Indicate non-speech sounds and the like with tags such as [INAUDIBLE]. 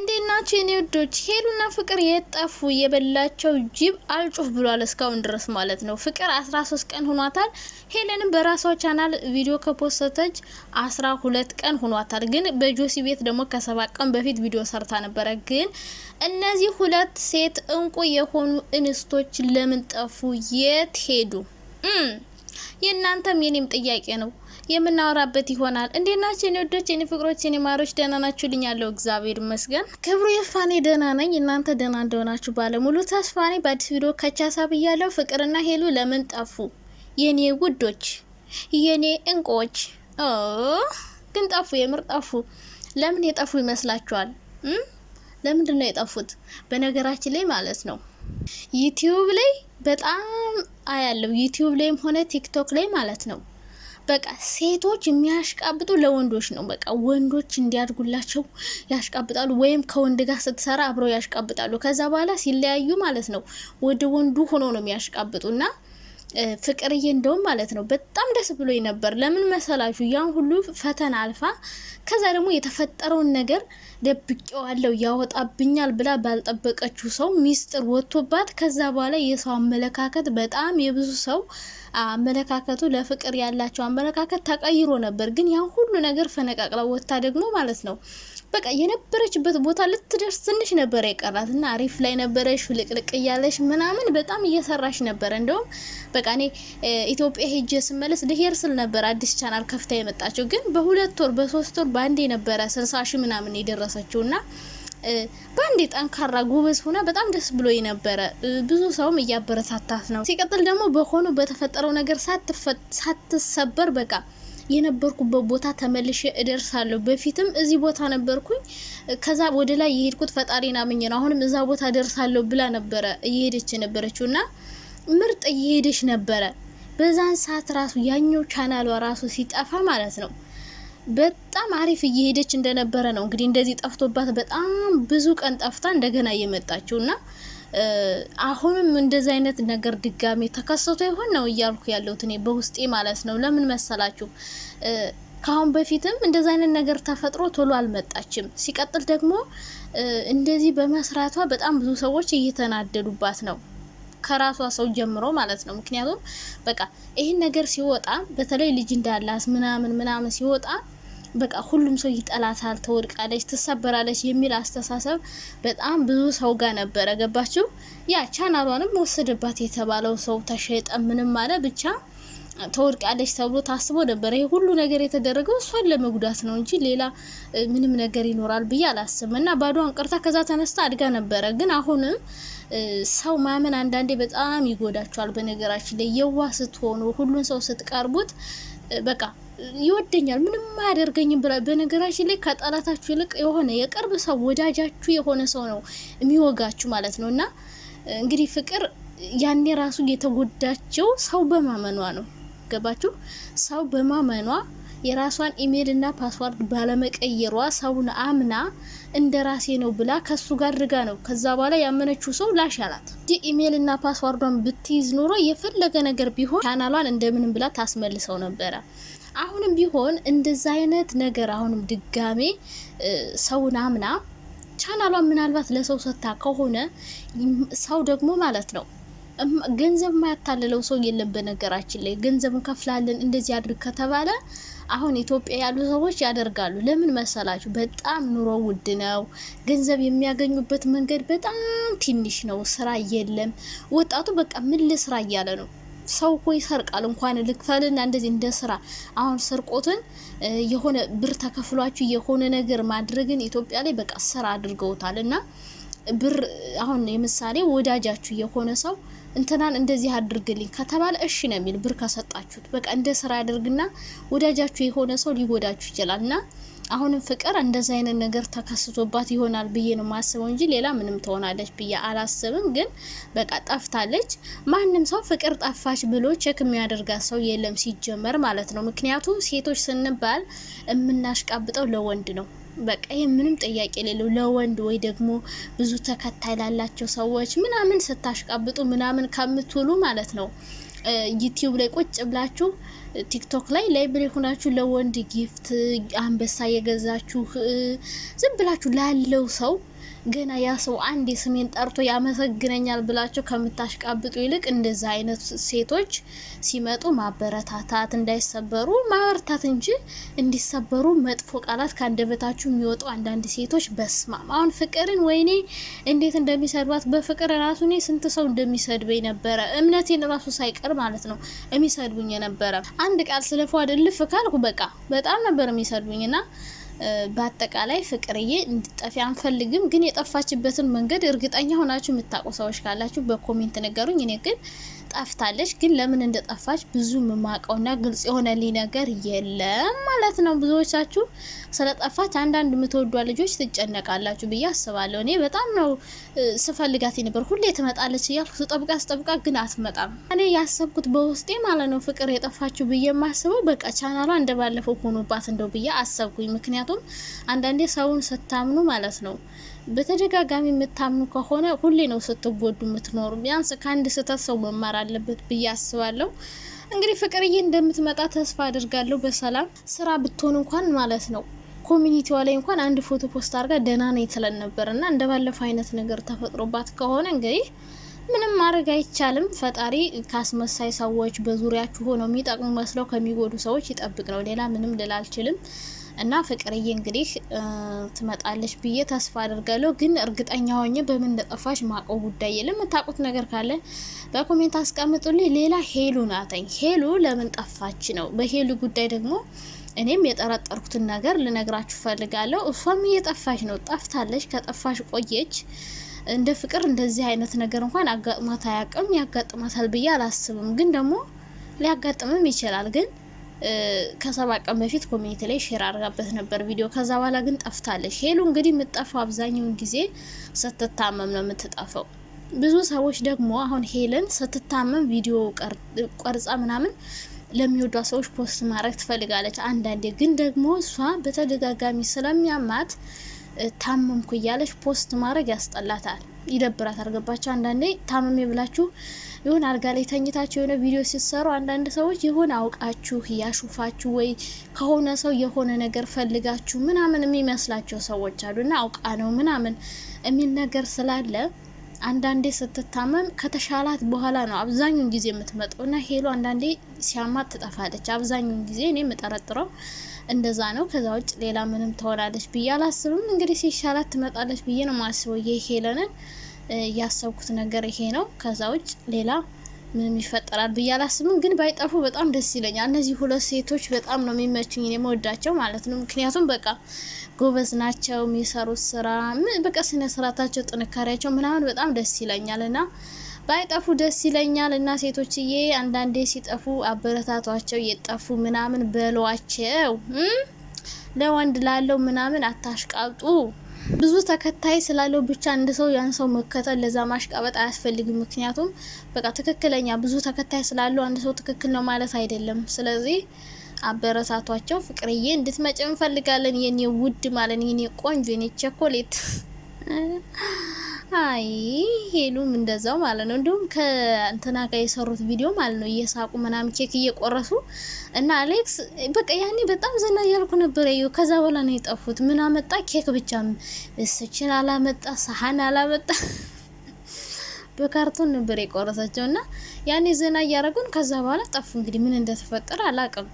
እንዴት ናችሁ የኔ ውዶች? ሄሉና ፍቅር የጠፉ የበላቸው ጅብ አልጮህ ብሏል እስካሁን ድረስ ማለት ነው። ፍቅር 13 ቀን ሆኗታል። ሄለንም በራሷ ቻናል ቪዲዮ ከፖስተች 12 ቀን ሆኗታል። ግን በጆሲ ቤት ደግሞ ከሰባ ቀን በፊት ቪዲዮ ሰርታ ነበረ። ግን እነዚህ ሁለት ሴት እንቁ የሆኑ እንስቶች ለምን ጠፉ? የት ሄዱ? የእናንተም የኔም ጥያቄ ነው። የምናወራበት ይሆናል። እንዴት ናቸው የኔ ወዶች፣ የኔ ፍቅሮች፣ የኔ ማሮች? ደህና ናችሁ ልኝ ያለው እግዚአብሔር ይመስገን ክብሩ የፋኔ ደህና ነኝ። እናንተ ደህና እንደሆናችሁ ባለሙሉ ተስፋ ነኝ። በአዲስ ቪዲዮ ከቻሳ ብያለው። ፍቅርና ሄሉ ለምን ጠፉ? የኔ ውዶች፣ የኔ እንቆች ግን ጠፉ፣ የምር ጠፉ። ለምን የጠፉ ይመስላችኋል? ለምንድን ነው የጠፉት? በነገራችን ላይ ማለት ነው ዩቲዩብ ላይ በጣም አያለው ዩቲዩብ ላይም ሆነ ቲክቶክ ላይ ማለት ነው በቃ ሴቶች የሚያሽቃብጡ ለወንዶች ነው። በቃ ወንዶች እንዲያድጉላቸው ያሽቃብጣሉ፣ ወይም ከወንድ ጋር ስትሰራ አብረው ያሽቃብጣሉ። ከዛ በኋላ ሲለያዩ ማለት ነው ወደ ወንዱ ሆኖ ነው የሚያሽቃብጡና ፍቅርዬ እንደውም ማለት ነው በጣም ደስ ብሎ ነበር። ለምን መሰላችሁ? ያን ሁሉ ፈተና አልፋ ከዛ ደግሞ የተፈጠረውን ነገር ደብቄዋለሁ ያወጣብኛል ብላ ባልጠበቀችው ሰው ሚስጥር ወጥቶባት ከዛ በኋላ የሰው አመለካከት በጣም የብዙ ሰው አመለካከቱ ለፍቅር ያላቸው አመለካከት ተቀይሮ ነበር። ግን ያን ሁሉ ነገር ፈነቃቅላ ወጥታ ደግሞ ማለት ነው በቃ የነበረችበት ቦታ ልትደርስ ትንሽ ነበረ የቀራት እና አሪፍ ላይ ነበረች ፍልቅልቅ እያለሽ ምናምን በጣም እየሰራሽ ነበረ። እንደውም በቃ እኔ ኢትዮጵያ ሄጄ ስመለስ ልሄድ ስል ነበር አዲስ ቻናል ከፍታ የመጣችው ግን በሁለት ወር በሶስት ወር በአንዴ ነበረ ስልሳ ሺ ምናምን የደረሰችው እና በአንዴ ጠንካራ ጎበዝ ሆና በጣም ደስ ብሎ ነበረ። ብዙ ሰውም እያበረታታት ነው። ሲቀጥል ደግሞ በሆኑ በተፈጠረው ነገር ሳትሰበር በቃ የነበርኩበት ቦታ ተመልሼ እደርሳለሁ። በፊትም እዚህ ቦታ ነበርኩኝ፣ ከዛ ወደ ላይ የሄድኩት ፈጣሪን አምኜ ነው። አሁንም እዛ ቦታ ደርሳለሁ ብላ ነበረ እየሄደች የነበረችው እና ምርጥ እየሄደች ነበረ። በዛን ሰዓት ራሱ ያኛው ቻናሏ ራሱ ሲጠፋ ማለት ነው በጣም አሪፍ እየሄደች እንደነበረ ነው። እንግዲህ እንደዚህ ጠፍቶባት በጣም ብዙ ቀን ጠፍታ እንደገና እየመጣችው እና አሁንም እንደዚህ አይነት ነገር ድጋሜ ተከሰቶ ይሆን ነው እያልኩ ያለሁት እኔ በውስጤ ማለት ነው። ለምን መሰላችሁ? ከአሁን በፊትም እንደዚህ አይነት ነገር ተፈጥሮ ቶሎ አልመጣችም። ሲቀጥል ደግሞ እንደዚህ በመስራቷ በጣም ብዙ ሰዎች እየተናደዱባት ነው ከራሷ ሰው ጀምሮ ማለት ነው። ምክንያቱም በቃ ይህን ነገር ሲወጣ በተለይ ልጅ እንዳላት ምናምን ምናምን ሲወጣ በቃ ሁሉም ሰው ይጠላታል፣ ትወድቃለች፣ ትሰበራለች የሚል አስተሳሰብ በጣም ብዙ ሰው ጋር ነበረ። ገባችሁ? ያ ቻናሏንም ወሰደባት የተባለው ሰው ተሸጠ፣ ምንም አለ ብቻ ተወድቃለች ተብሎ ታስቦ ነበረ። ይህ ሁሉ ነገር የተደረገው እሷን ለመጉዳት ነው እንጂ ሌላ ምንም ነገር ይኖራል ብዬ አላስብም። እና ባዶዋን ቀርታ ከዛ ተነስታ አድጋ ነበረ። ግን አሁንም ሰው ማመን አንዳንዴ በጣም ይጎዳቸዋል። በነገራችን ላይ የዋ ስትሆኑ ሁሉን ሰው ስትቀርቡት በቃ ይወደኛል ምንም አያደርገኝም ብላ። በነገራችን ላይ ከጠላታችሁ ይልቅ የሆነ የቅርብ ሰው ወዳጃችሁ የሆነ ሰው ነው የሚወጋችሁ ማለት ነው። እና እንግዲህ ፍቅር ያኔ ራሱ የተጎዳቸው ሰው በማመኗ ነው። ገባችሁ? ሰው በማመኗ የራሷን ኢሜል እና ፓስዋርድ ባለመቀየሯ ሰውን አምና እንደ ራሴ ነው ብላ ከሱ ጋር ድጋ ነው። ከዛ በኋላ ያመነችው ሰው ላሽ አላት እንጂ ኢሜል እና ፓስዋርዷን ብትይዝ ኖሮ የፈለገ ነገር ቢሆን ቻናሏን እንደምንም ብላ ታስመልሰው ነበረ። አሁንም ቢሆን እንደዛ አይነት ነገር አሁንም ድጋሜ ሰውን አምና ቻናሏን ምናልባት ለሰው ሰታ ከሆነ ሰው ደግሞ ማለት ነው ገንዘብ ማያታልለው ሰው የለም። በነገራችን ላይ ገንዘብ እንከፍላለን እንደዚህ አድርግ ከተባለ አሁን ኢትዮጵያ ያሉ ሰዎች ያደርጋሉ። ለምን መሰላችሁ? በጣም ኑሮ ውድ ነው። ገንዘብ የሚያገኙበት መንገድ በጣም ትንሽ ነው። ስራ የለም። ወጣቱ በቃ ምን ልስራ እያለ ነው። ሰው እኮ ይሰርቃል። እንኳን ልክፈልና እንደዚህ እንደ ስራ አሁን ስርቆትን የሆነ ብር ተከፍሏችሁ የሆነ ነገር ማድረግን ኢትዮጵያ ላይ በቃ ስራ አድርገውታል እና ብር አሁን የምሳሌ ወዳጃችሁ የሆነ ሰው እንትናን እንደዚህ አድርግልኝ ከተባለ እሺ ነው የሚል ብር ከሰጣችሁት በቃ እንደ ስራ ያደርግና ወዳጃችሁ የሆነ ሰው ሊጎዳችሁ ይችላል። እና አሁንም ፍቅር እንደዚ አይነት ነገር ተከስቶባት ይሆናል ብዬ ነው ማስበው እንጂ ሌላ ምንም ትሆናለች ብዬ አላስብም። ግን በቃ ጠፍታለች። ማንም ሰው ፍቅር ጠፋች ብሎ ቼክ የሚያደርጋት ሰው የለም ሲጀመር ማለት ነው። ምክንያቱም ሴቶች ስንባል የምናሽቃብጠው ለወንድ ነው በቃ ይሄ ምንም ጥያቄ የሌለው ለወንድ ወይ ደግሞ ብዙ ተከታይ ላላቸው ሰዎች ምናምን ስታሽቃብጡ ምናምን ከምትውሉ ማለት ነው ዩቲዩብ ላይ ቁጭ ብላችሁ ቲክቶክ ላይ ላይብሪ ሆናችሁ ለወንድ ጊፍት አንበሳ የገዛችሁ ዝም ብላችሁ ላለው ሰው ገና ያ ሰው አንድ ስሜን ጠርቶ ያመሰግነኛል ብላችሁ ከምታሽቃብጡ ይልቅ እንደዛ አይነት ሴቶች ሲመጡ ማበረታታት፣ እንዳይሰበሩ ማበረታት እንጂ እንዲሰበሩ መጥፎ ቃላት ከአንደበታችሁ የሚወጡ አንዳንድ ሴቶች በስማም። አሁን ፍቅርን ወይኔ እንዴት እንደሚሰድባት በፍቅር ራሱ እኔ ስንት ሰው እንደሚሰድበኝ ነበረ። እምነቴን ራሱ ሳይቀር ማለት ነው የሚሰድቡኝ ነበረ። አንድ ቃል ስለፈዋድ እልፍ ካልኩ በቃ በጣም ነበር የሚሰድቡኝ ና በአጠቃላይ ፍቅርዬ እንድጠፊ አንፈልግም፣ ግን የጠፋችበትን መንገድ እርግጠኛ ሆናችሁ የምታውቁ ሰዎች ካላችሁ በኮሜንት ነገሩኝ። እኔ ግን ጠፍታለች፣ ግን ለምን እንደጠፋች ብዙ የማውቀውና ግልጽ የሆነልኝ ነገር የለም ማለት ነው። ብዙዎቻችሁ ስለጠፋች አንዳንድ የምትወዷ ልጆች ትጨነቃላችሁ ብዬ አስባለሁ። እኔ በጣም ነው ስፈልጋት ነበር፣ ሁሌ ትመጣለች እያልኩ ስጠብቃ ስጠብቃ፣ ግን አትመጣም። እኔ ያሰብኩት በውስጤ ማለት ነው ፍቅር የጠፋችሁ ብዬ የማስበው በቃ ቻናሏ እንደባለፈው ሆኖባት እንደው ብዬ አሰብኩኝ ምክንያቱ ምክንያቱም አንዳንዴ ሰውን ስታምኑ ማለት ነው በተደጋጋሚ የምታምኑ ከሆነ ሁሌ ነው ስትጎዱ የምትኖሩ። ቢያንስ ከአንድ ስህተት ሰው መማር አለበት ብዬ አስባለሁ። እንግዲህ ፍቅርዬ እንደምትመጣ ተስፋ አድርጋለሁ። በሰላም ስራ ብትሆን እንኳን ማለት ነው ኮሚኒቲዋ ላይ እንኳን አንድ ፎቶ ፖስት አድርጋ ደህና ነኝ ትለን ነበር እና እንደ ባለፈው አይነት ነገር ተፈጥሮባት ከሆነ እንግዲህ ምንም ማድረግ አይቻልም። ፈጣሪ ከአስመሳይ ሰዎች በዙሪያችሁ ሆነው የሚጠቅሙ መስለው ከሚጎዱ ሰዎች ይጠብቅ ነው። ሌላ ምንም ልል አልችልም። እና ፍቅርዬ እንግዲህ ትመጣለች ብዬ ተስፋ አድርጋለሁ። ግን እርግጠኛ ሆኜ በምን እንደጠፋች ማቀው ጉዳይ የለም። የምታውቁት ነገር ካለ በኮሜንት አስቀምጡልኝ። ሌላ ሄሉ ናተኝ። ሄሉ ለምን ጠፋች ነው። በሄሉ ጉዳይ ደግሞ እኔም የጠረጠርኩትን ነገር ልነግራችሁ ፈልጋለሁ። እሷም እየጠፋች ነው። ጠፍታለች፣ ከጠፋሽ ቆየች። እንደ ፍቅር እንደዚህ አይነት ነገር እንኳን አጋጥማት አያውቅም። ያጋጥማታል ብዬ አላስብም። ግን ደግሞ ሊያጋጥምም ይችላል ግን ከሰባ ቀን በፊት ኮሚኒቲ ላይ ሼር አድርጋበት ነበር ቪዲዮ። ከዛ በኋላ ግን ጠፍታለች ሄሉ። እንግዲህ የምትጠፋው አብዛኛውን ጊዜ ስትታመም ነው የምትጠፋው። ብዙ ሰዎች ደግሞ አሁን ሄለን ስትታመም ቪዲዮ ቀርጻ ምናምን ለሚወዷ ሰዎች ፖስት ማድረግ ትፈልጋለች። አንዳንዴ ግን ደግሞ እሷ በተደጋጋሚ ስለሚያማት ታመምኩ እያለች ፖስት ማድረግ ያስጠላታል፣ ይደብራት አርገባቸው አንዳንዴ ታመሜ ብላችሁ ይሁን አልጋ ላይ ተኝታችሁ የሆነ ቪዲዮ ሲሰሩ አንዳንድ ሰዎች የሆነ አውቃችሁ እያሹፋችሁ ወይ ከሆነ ሰው የሆነ ነገር ፈልጋችሁ ምናምን የሚመስላቸው ሰዎች አሉና አውቃ ነው ምናምን የሚል ነገር ስላለ አንዳንዴ ስትታመም ከተሻላት በኋላ ነው አብዛኛውን ጊዜ የምትመጣው እና ሄሎ አንዳንዴ ሲያማት ትጠፋለች። አብዛኛውን ጊዜ እኔ የምጠረጥረው እንደዛ ነው። ከዛ ውጭ ሌላ ምንም ትሆናለች ብዬ አላስብም። እንግዲህ ሲሻላት ትመጣለች ብዬ ነው ማስበው። የሄለንን ያሰብኩት ነገር ይሄ ነው። ከዛ ውጭ ሌላ ምንም ይፈጠራል ብዬ አላስብም። ግን ባይጠፉ በጣም ደስ ይለኛል። እነዚህ ሁለት ሴቶች በጣም ነው የሚመችኝ መወዳቸው ማለት ነው። ምክንያቱም በቃ ጎበዝ ናቸው የሚሰሩት ስራ፣ በቃ ስነ ስርዓታቸው፣ ጥንካሬያቸው ምናምን በጣም ደስ ይለኛል እና ባይጠፉ ደስ ይለኛል። እና ሴቶችዬ አንዳንዴ ሲጠፉ አበረታቷቸው፣ የጠፉ ምናምን በሏቸው። ለወንድ ላለው ምናምን አታሽቃብጡ። ብዙ ተከታይ ስላለው ብቻ አንድ ሰው ያን ሰው መከተል ለዛ ማሽቃበጥ አያስፈልግም። ምክንያቱም በቃ ትክክለኛ ብዙ ተከታይ ስላለው አንድ ሰው ትክክል ነው ማለት አይደለም። ስለዚህ አበረታቷቸው። ፍቅርዬ እንድትመጭ እንፈልጋለን። የኔ ውድ ማለት የኔ ቆንጆ የኔ ቸኮሌት አይ ሄሉም እንደዛው ማለት ነው። እንዲሁም ከእንትና ጋር የሰሩት ቪዲዮ ማለት ነው እየሳቁ ምናምን ኬክ እየቆረሱ እና አሌክስ በቃ ያኔ በጣም ዘና እያልኩ ነበር ያዩ። ከዛ በኋላ ነው የጠፉት። ምን አመጣ ኬክ ብቻ እስችን አላመጣ፣ ሳህን አላመጣ። [LAUGHS] በካርቶን ነበር የቆረሰቸው እና ያኔ ዘና እያደረጉን ከዛ በኋላ ጠፉ። እንግዲህ ምን እንደተፈጠረ አላቀም።